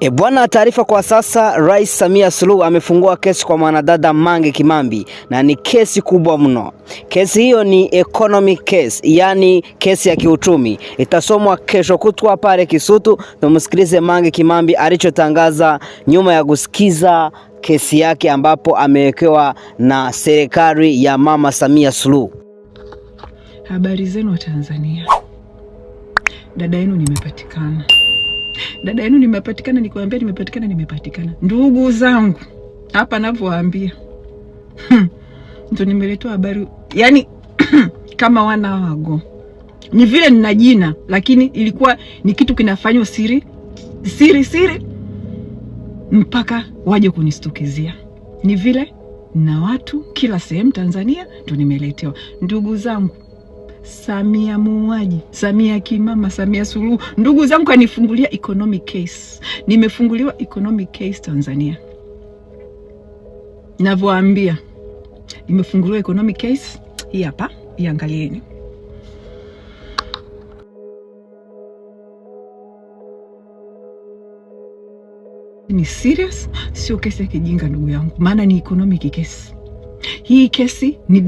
E bwana, taarifa kwa sasa, Rais Samia Suluhu amefungua kesi kwa mwanadada Mange Kimambi na ni kesi kubwa mno. Kesi hiyo ni economic case, yaani kesi ya kiuchumi. Itasomwa kesho kutwa pale Kisutu. Tumsikilize Mange Kimambi alichotangaza nyuma ya kusikiza kesi yake ambapo amewekewa na serikali ya Mama Samia Suluhu. Habari zenu Tanzania, dada yenu nimepatikana dada yenu nimepatikana, nikuambia nimepatikana, nimepatikana. Ndugu zangu hapa navyowaambia ndo hmm. nimeletewa habari yani kama wana wago ni vile nina jina lakini ilikuwa ni kitu kinafanywa siri siri siri mpaka waje kunistukizia. Ni vile na watu kila sehemu Tanzania ndo nimeletewa, ndugu zangu. Samia muuaji, Samia kimama, Samia Suluhu. Ndugu zangu, kanifungulia economic case, nimefunguliwa economic case Tanzania navyoambia, nimefunguliwa economic case hii hapa, iangalieni. Ni serious, sio kesi ya kijinga ndugu yangu, maana ni economic case. Hii kesi ni